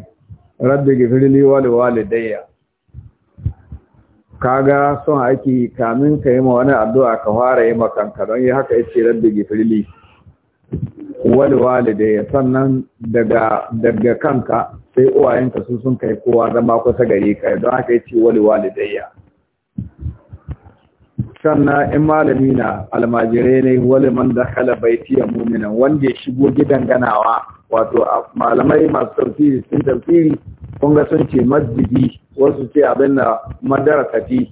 A: rabbi gifirli wal walidayya kaga son ake kamin ka yi ma wani addu'a ka fara yi makanka don yi haka yace rabbi gifirli wal walidayya sannan daga daga kanka sai uwayenka su sun kai kowa zama kusa gare ka don haka yace wal walidayya sannan in malami na almajirai ne wani man da kala ya muminan wanda ya shigo gidan ganawa wato malamai masu tafsiri sun tafsiri kun ga sun ce masjidi wasu ce abin da madarakati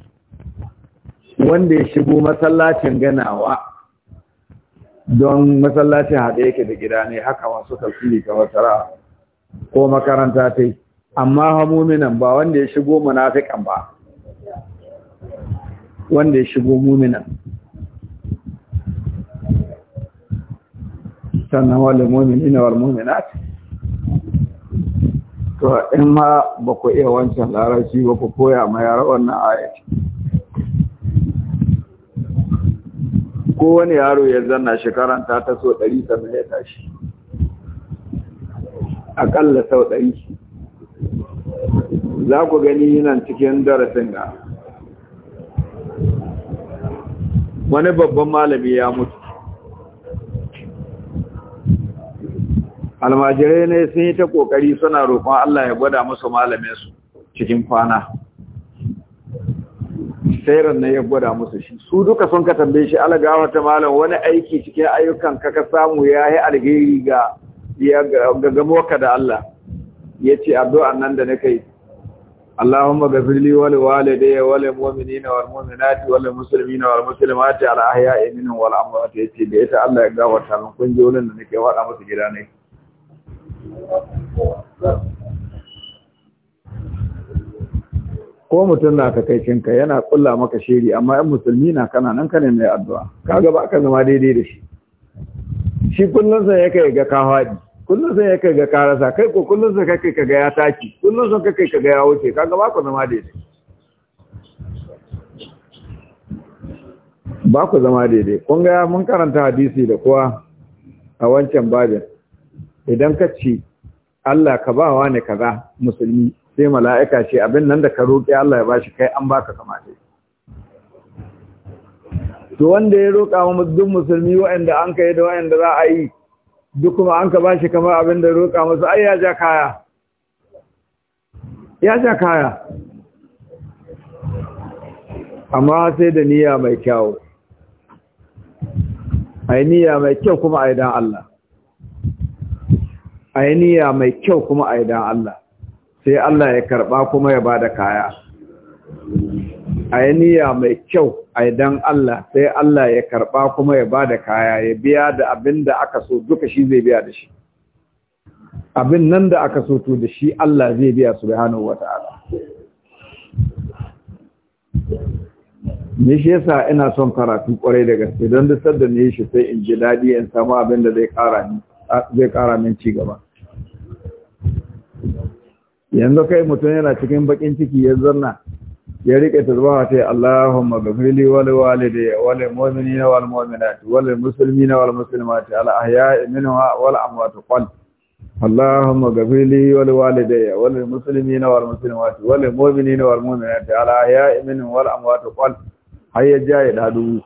A: wanda ya shigo masallacin ganawa don masallacin haɗe yake da gida ne haka masu tafsiri ta wasara ko makaranta ta yi amma hamuminan ba wanda ya shigo munafikan ba wanda ya shigo mumina sannan wale muminina wal muminat to in ma ba ku iya wancan Larashi ba ku koya ma yara wannan ayat ko wani yaro ya zanna shekaran ta ta so 100 sannan ya tashi akalla sau 100 za ku gani nan cikin darasin ga. wani babban malami ya mutu almajirai ne sun yi ta kokari suna roƙon Allah ya gwada musu malaminsu cikin kwana sairan na ya gwada musu shi su duka sun ka tambaye shi ala gawa ta malam wani aiki cikin ayyukan kaka samu ya yi alheri ga gagamwarka da Allah ya ce addu'an nan da na kai اللهم اغفر لي ولوالدي وللمؤمنين والمؤمنات وللمسلمين والمسلمات على احياء منهم والاموات yace da ita Allah ya gafarta min kunjolin da nake wada ko mutum na takaicin ka yana kulla maka shiri amma ɗan musulmi na kana nan kane mai addu'a kaga ba ka zama daidai da shi shi kullun sai yake ga kawadi kullum sai ya kai ga karasa kai ko kullum sai kai ka ga ya taki kullum sai kai ka ga ya wuce kaga ba ku zama daidai ba ku zama daidai kun ga mun karanta hadisi da kowa a wancan babin idan ka ci Allah ka ba wa ne kaza musulmi sai mala'ika ce abin nan da ka roƙi Allah ya bashi kai an baka kama dai to wanda ya roƙa wa duk musulmi wa'anda an kai da wa'anda za a yi duk kuma an ka bashi kamar abin da roƙa masa ai ya ja kaya ya ja kaya amma sai da niyya mai kyau ai niyya mai kyau kuma ai dan Allah ai niyya mai kyau kuma ai dan Allah sai Allah ya karba kuma ya bada kaya a yi niyya mai kyau a idan Allah sai Allah ya karɓa kuma ya ba da kaya ya biya da abin da aka so duka shi zai biya da shi abin nan da aka so to da shi Allah zai biya su wata ala ne shi yasa ina son karatu kwarai da gaske don da sadda ne shi sai in ji daɗi in samu abin da zai ƙara min ci gaba yanzu kai mutum yana cikin bakin ciki ya zanna ya riƙe turbaha ta yi Allahumma gafili wale wali da ya wale mu'mini na wale mu'minati wale musulmi na wale musulmati ala ahya imini wa wale amwatu kwal Allahumma gafili wale wali da ya wale musulmi na wale musulmati wale mu'mini na wale mu'minati ala ahya imini wa wale amwatu kwal har ya jaye da dubu.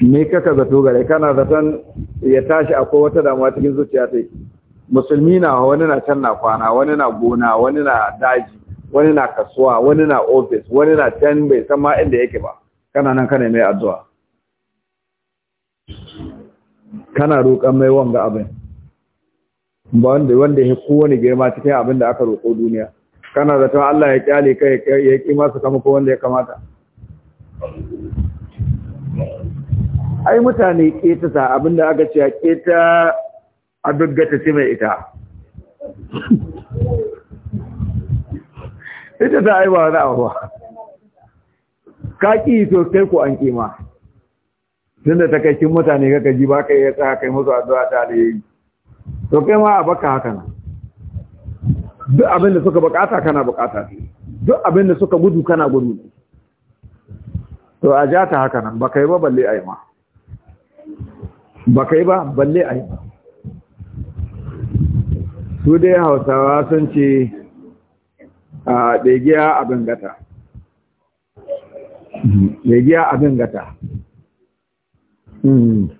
A: Ni kaka zato gare kana zaton ya tashi akwai wata damuwa cikin zuciya ta yi. musulmi na wani na can na kwana wani na gona wani na daji wani na kasuwa wani na ofis wani na can bai san ma inda yake ba kana nan kana mai addu'a kana roƙon mai wanga abin ba wanda wanda ya wani girma cikin abin da aka roƙo duniya kana zaton Allah ya kyale ka ya kima su kama ko wanda ya kamata ai mutane ta abin da aka ce ya a duggata ce mai ita ita ta aiba wani abuwa ka ƙi to kai ko an kima tun da takaicin mutane kaka ji ba ka yi tsaka kai musu addu'a ta da yayi to kai ma a baka haka nan duk abin da suka bukata kana bukata duk abin da suka gudu kana gudu ne to a ja ta haka nan ba kai ba balle a yi ma ba kai ba balle a yi ma su dai hausawa sun ce a ɗegiya abin gata ɗegiya mm-hmm. abin gata mm-hmm.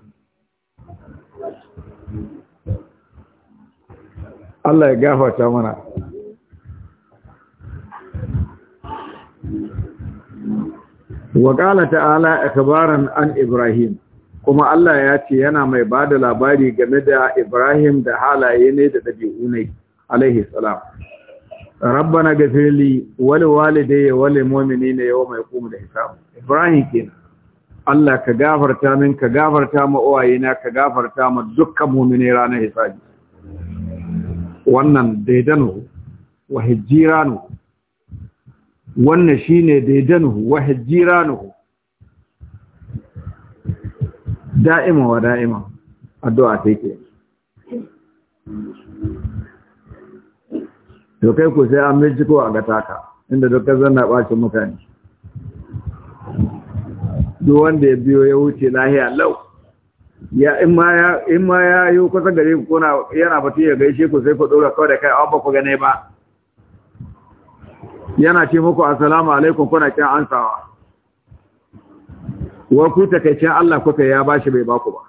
A: Allah ya gafata mana wa ta'ala ikbaran an ibrahim kuma Allah ya ce yana mai ba da labari game da Ibrahim da halaye ne da ɗabi'u ne alaihi salam rabbana ya wale momini wali mu'minina mai kuma da hisabu. Ibrahim kenan Allah ka gafarta min ka gafarta ma na ka gafarta ma dukkan momini ranar hisabi wannan daidanu wa ranu. wannan shine daidanu wa ranu. da'ima wa da'ima addu'a sai ke to kai ku sai an ko a ga taka inda duk zan na bacin mutane duk wanda ya biyo ya wuce lahiya lau ya in ma ya in ya yi kusa gare ku kuna yana fatu ya gaishe ku sai ku dora kawai da kai a ba ku gane ba yana ce muku assalamu alaikum kuna kin ansawa wa ku takaicin Allah kuka ya bashi bai baku ba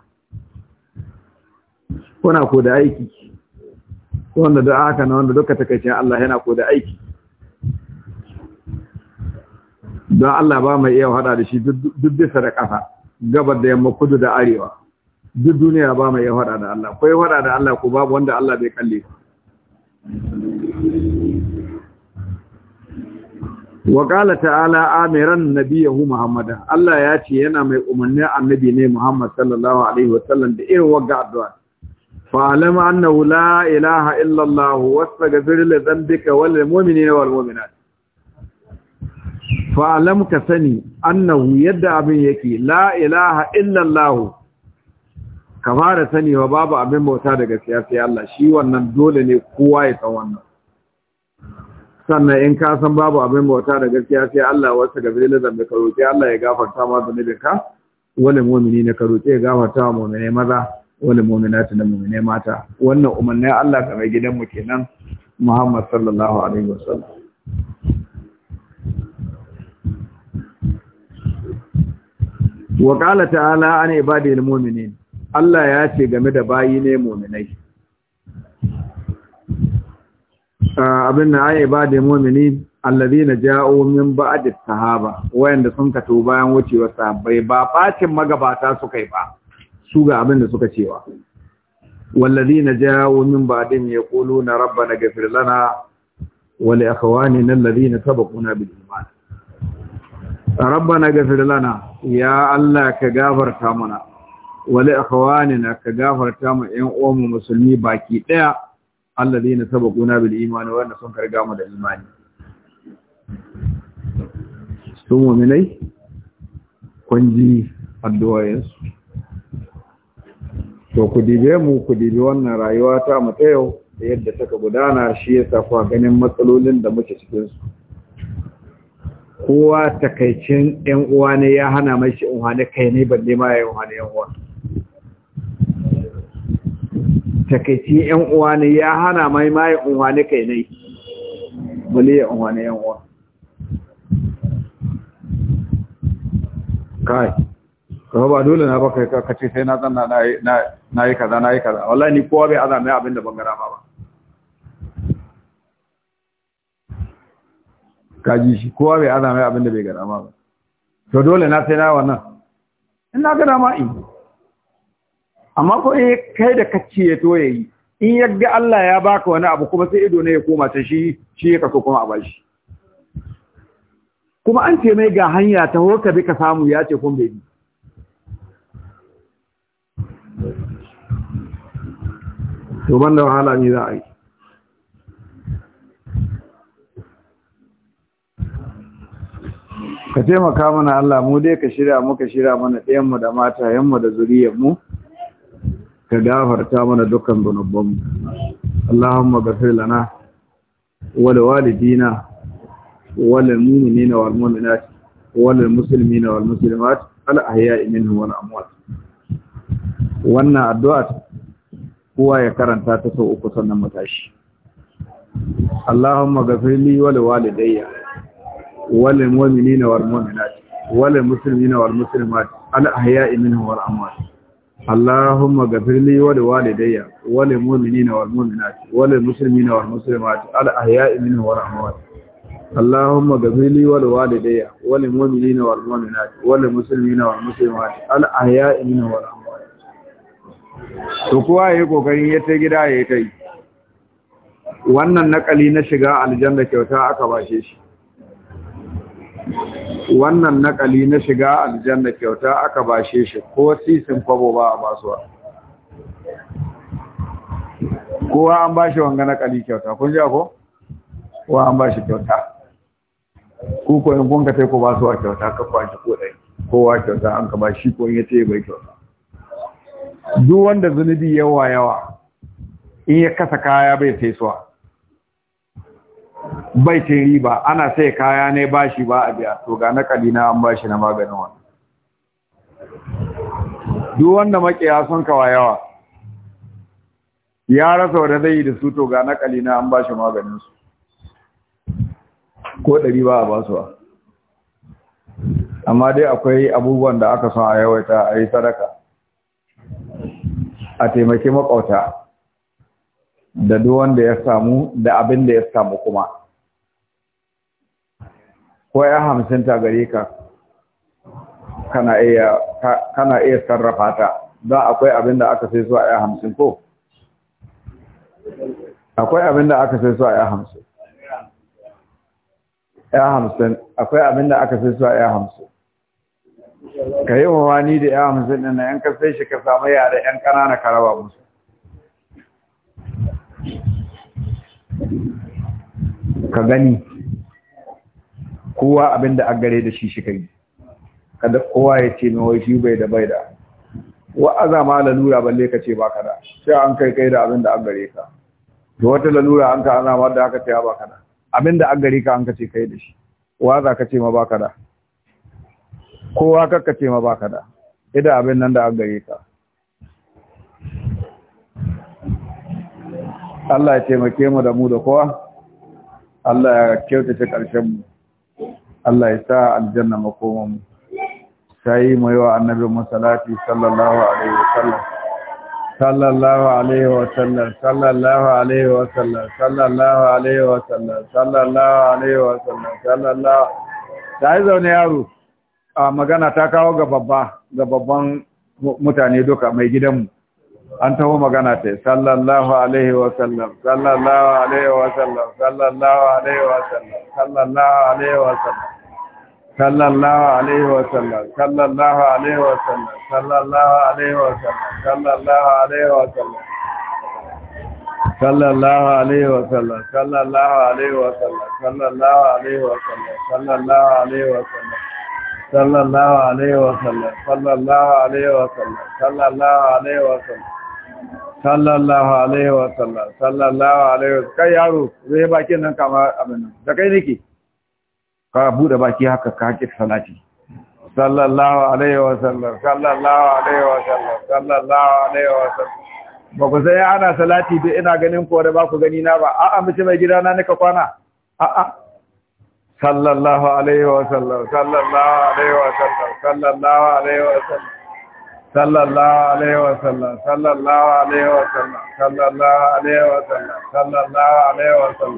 A: kuna ku da aiki wanda da aka na wanda duka takaicin Allah yana ko da aiki don Allah ba mai iya hada da shi duk bisa da ƙasa gabar da yamma kudu da arewa duk duniya ba mai iya hada da Allah ko ya hada da Allah ko babu wanda Allah bai kalle ba wa ta'ala amiran nabiyahu muhammada Allah ya ce yana mai umarni annabi ne Muhammad sallallahu alaihi wa sallam da irin wagga addu'a fa annahu la ilaha illa Allah wastaghfir li dhanbika wal mu'minina wal mu'minat fa alam ka sani annahu yadda abin yake la ilaha illa ka sani wa babu abin bauta daga siyasa Allah shi wannan dole ne kowa ya san wannan sannan in ka san babu abin bauta da gaskiya sai Allah wasu ga bilil zambe ka roƙi Allah ya gafarta ma zunubin ka wani mu'mini ne ka roƙi ya gafarta ma mu'mine maza wani mu'minati na mu'mine mata wannan umarnin Allah ka mai gidanmu kenan Muhammad sallallahu alaihi wasallam wa qala ta'ala an ibadil mu'minin Allah ya ce game da bayi ne mu'minai abin na ayi ba da mumini alladhina ja'u min ba'di sahaba wayanda sun ka to bayan wucewar sahabbai ba bacin magabata suka yi ba su ga abin da suka cewa walladhina ja'u min ba'din yaquluna rabbana ghfir lana wa li ikhwanina alladhina sabaquna bil iman rabbana ghfir lana ya allah ka gafarta mana wa li ikhwanina ka gafarta mu ƴan uwan musulmi baki daya alladhina sabaquna bil imani wa sun karga mu da imani su mu'minai kun ji addu'o'insu to ku dibe mu ku dibe wannan rayuwa ta mu ta yau da yadda taka gudana shi yasa kuwa ganin matsalolin da muke cikin su kowa takaicin yan uwa ne ya hana mai shi in kai ne ban nema ya yi hane yan uwa takaici yan uwa ne ya hana mai mai uwa ne kai ne bale ya uwa ne yan uwa kai kuma ba dole na ba kai ka ce sai na zan na yi kaza na yi kaza wallahi ni kowa bai azama abin da bangara ma ba kaji shi kowa bai azama abin da bai gara ma ba to dole na sai na wannan in na gara ma in amma ko in eh, kai da kacce ya to yayi in ga Allah ya baka wani abu kuma sai ido ne ya koma ta shi shi ya kaso kuma a bashi kuma an ce mai ga hanya ta hoka bi ka samu ya ce kun bai bi to banda wahala ni za a yi ka taimaka mana Allah mu dai ka shirya muka shirya mana ɗayanmu da mata, matayenmu da zuriyarmu ka gafarta mana dukkan zunubbanmu Allahumma ghafir lana wa liwalidina wa lil mu'minina wal mu'minat wa lil muslimina wal muslimat al ahya'i minhum wal amwat wannan addu'a kowa ya karanta ta sau uku sannan mu tashi Allahumma ghafir li wa liwalidayya wa lil mu'minina wal mu'minat wa lil muslimina wal muslimat al ahya'i minhum wal amwat اللهم اغفر لي ولوالدي وللمؤمنين والمؤمنات وللمسلمين والمسلمات الاحياء منهم والاموات اللهم اغفر لي ولوالدي وللمؤمنين والمؤمنات وللمسلمين والمسلمات الاحياء منهم والاموات to kowa yayi kokarin ya ta gida ya kai wannan nakali na shiga aljanna kyauta aka bashe shi wannan nakali na shiga aljanna kyauta aka bashe shi ko sisin kwabo ba a basuwa kowa an bashi wanga nakali kyauta kun ji ko kowa an bashi kyauta ku ko in kun ka sai ku basuwa kyauta ka kwashi ko dai kowa kyauta an ka bashi ko in ce bai kyauta duk wanda zunubi yawa yawa in ya kasa kaya bai sai suwa bai ta riba ana sai kaya ne bashi ba a biya to ga nakali na an bashi na maganin wannan duk wanda makiya sun kawa yawa ya rasa wanda zai yi da su to ga nakali na an bashi maganin su ko ɗari ba a basuwa amma dai akwai abubuwan da aka son a yawaita a yi sadaka a taimake makauta da duk wanda ya samu da abin da ya samu kuma ko ya hamsin ta gare ka kana iya sarrafa ta don akwai abin da aka sai zuwa a ya hamsin ko akwai abin da aka sai zuwa a ya hamsin ya hamsin akwai abin da aka sai zuwa a ya hamsin ka yi wani da ya hamsin ɗin na ‘yan kasai shi ka samu yare ‘yan ƙanana ka raba musu ka gani kowa abin da an gare da shi shi kai kada kowa ya ce mai wai shi bai da bai da wa'aza ma lalura balle ka ce baka da sai an kai kai da abin da an gare ka to wata lalura an ka ana da aka ce baka da abin da an gare ka an ka ce kai da shi za ka ce ma baka da kowa ka ce ma baka da idan abin nan da an gare ka Allah ya taimake mu da mu da kowa Allah ya kyautata ƙarshen mu Allah ya sa aljanna makoman mu sai mu yi wa annabi musallati sallallahu
B: alaihi wasallam sallallahu alaihi wasallam sallallahu alaihi wasallam sallallahu alaihi wasallam sallallahu alaihi wasallam sallallahu
A: sai zaune yaro a magana ta kawo ga babba ga babban mutane duka mai gidanmu an taho magana ta sallallahu alaihi wa sallam sallallahu alaihi wa
B: sallam sallallahu alaihi wa sallam sallallahu alaihi wa sallam sallallahu alaihi wa sallam sallallahu alaihi wa sallam sallallahu alaihi wa sallam sallallahu alaihi wa sallam sallallahu alaihi wa sallam sallallahu alaihi wa sallam sallallahu alaihi wa sallam sallallahu alaihi wa sallam sallallahu alaihi wa sallam sallallahu alaihi wa sallam sallallahu alaihi wa sallam sallallahu alaihi wa sallam sallallahu
A: alaihi wa sallam kai yaro zai baki nan kamar abin da kai nake ka bude baki haka ka haƙi salati sallallahu alaihi wa sallam sallallahu alaihi wa sallam sallallahu alaihi wa sallam ba ku sai ana salati da ina ganin ko da baku gani na ba a'a mace mai gida na nika kwana a'a sallallahu alaihi
B: wa sallam sallallahu alaihi wa sallam sallallahu alaihi wa sallam sallallahu alaihi wa sallam sallallahu alaihi wa sallam sallallahu alaihi wa sallam sallallahu alaihi wa sallam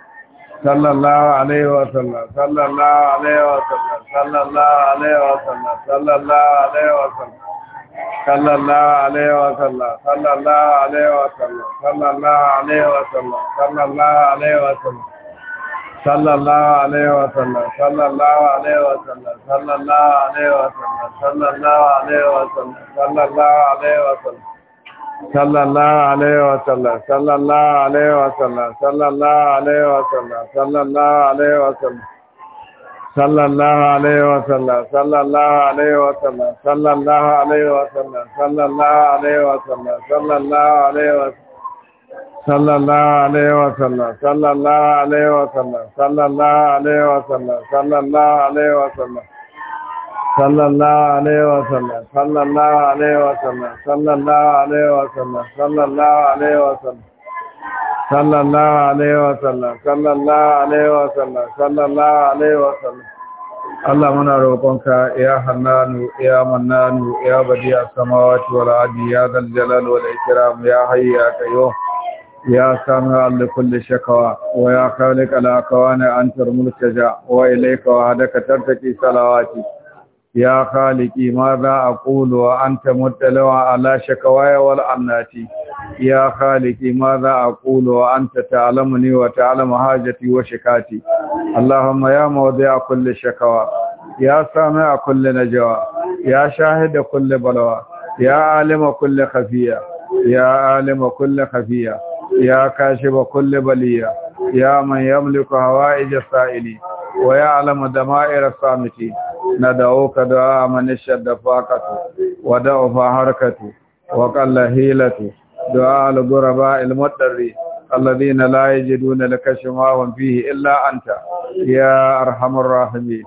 B: sallallahu alaihi wa sallallahu alaihi wa sallam sallallahu alaihi wa sallam sallallahu alaihi wa sallam sallallahu alaihi wa sallam sallallahu alaihi wa sallam sallallahu alaihi wa sallam sallallahu alaihi wa sallam sallallahu alaihi wa sallam sallallahu alaihi wa sallallahu alaihi wa sallam sallallahu alaihi wa sallam sallallahu alaihi wa sallam sallallahu alaihi wa sallam صلى الله عليه وسلم صلى Allah muna roƙonka ya hannanu ya mannanu ya badiya
A: samawati wal ardi ya dal jalal wal ikram ya hayy ya qayyum ya sami'a li kulli shakawa wa ya khaliq al akwana anta al wa ilayka wa hadaka tartaki salawati يا خالقي ماذا أقول وأنت متلوى على شكوايا والأناتي يا خالقي ماذا أقول وأنت تعلمني وتعلم حاجتي وشكاتي اللهم يا موضع كل شكوى يا سامع كل نجوى يا شاهد كل بلوى يا عالم كل خفية يا عالم كل خفية يا كاشب كل بلية يا من يملك هوائج السائلين ويعلم دمائر الصامتين ندعوك دعاء من اشتد فاقته ودعف حركته وقل هيلته دعاء الغرباء المضطرين الذين لا يجدون لك شفاء فيه إلا أنت يا أرحم الراحمين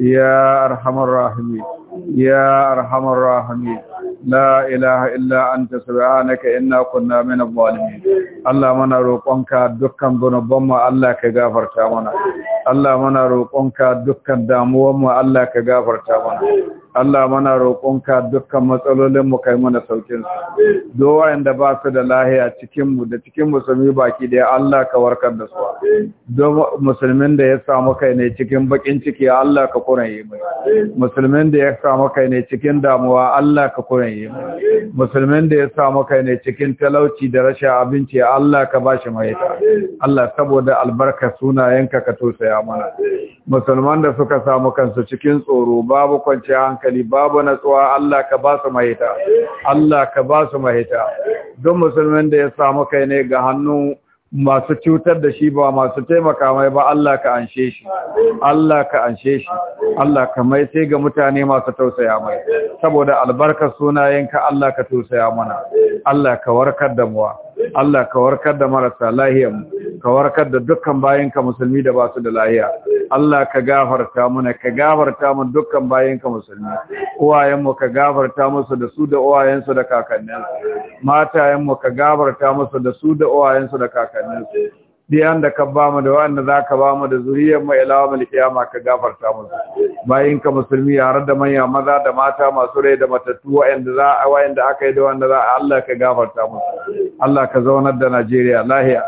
A: يا أرحم الراحمين يا أرحم الراحمين la ilaha illa anta subhanaka inna kunna min adh-dhalimin Allah mana roƙonka dukkan gona Allah ka gafarta mana Allah mana roƙonka dukkan damuwanmu Allah ka gafarta mana Allah mana roƙonka dukkan matsalolin mu kai mana saukin su do wayanda ba su da lahiya cikin mu da cikin musulmi baki da Allah ka warkar da su do musulmin da ya samu kai ne cikin bakin ciki Allah ka kuraye mai musulmin da ya samu kai ne cikin damuwa Allah ka kuraye mai musulmin da ya samu kai ne cikin talauci da rashin abinci Allah ka bashi mai Allah saboda albarka sunayenka ka tosaya mana musulman da suka samu kansu cikin tsoro babu kwanciya hankali hankali babu natsuwa Allah ka ba su mahita Allah ka ba su mahita don musulmin da ya samu kai ne ga hannu masu cutar da shi ba masu taimaka mai ba Allah ka anshe shi Allah ka anshe shi Allah ka mai sai ga mutane masu tausaya mai saboda albarkar sunayenka Allah ka tausaya mana Allah ka warkar da muwa Allah ka warkar da marasa lahiya ka warkar da dukkan bayanka musulmi da basu da lahiya Allah ka gafarta muna ka gafarta mun dukkan ka musulmi uwayenmu ka gafarta musu da su da uwayensu da kakanninsu matayenmu ka gafarta musu da su da uwayensu da kakanninsu diyan da ka ba mu da wanda za ka ba mu da zuriyar mu ila mil kiyama ka gafarta musu bayin ka musulmi yare da manya maza da mata masu rai da matattu wayanda za a wayanda aka yi da wanda za a Allah ka gafarta musu Allah ka zaunar da Najeriya lahiya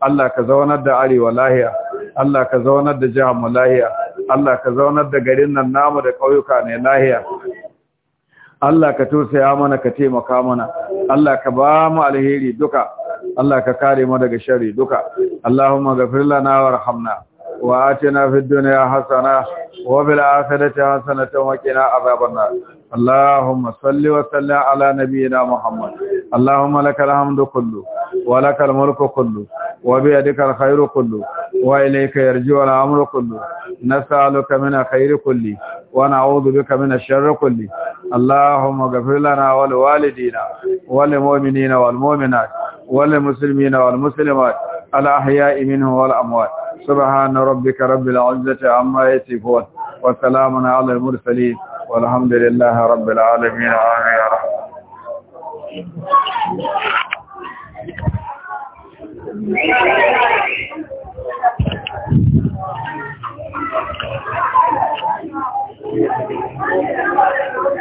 A: Allah ka zaunar da Arewa lahiya Allah ka zaunar da jihar mu lahiya Allah ka zaunar da garin nan namu da ƙauyuka ne lahiya Allah ka ya mana ka taimaka mana Allah ka ba mu alheri duka Allah ka kare mu daga shari duka Allahumma ghafir lana warhamna وآتنا في الدنيا حسنة وفي الآخرة حسنة وقنا عذاب النار اللهم صل وسلم على نبينا محمد اللهم لك الحمد كله ولك الملك كله وبيدك الخير كله وإليك يرجع الأمر كله نسألك من الخير كله ونعوذ بك من الشر كله اللهم اغفر لنا ولوالدينا وللمؤمنين والمؤمنات وللمسلمين والمسلمات الأحياء منه والأموات سبحان ربك رب العزة عما يصفون وسلام على المرسلين والحمد لله رب العالمين آمين
C: يا رب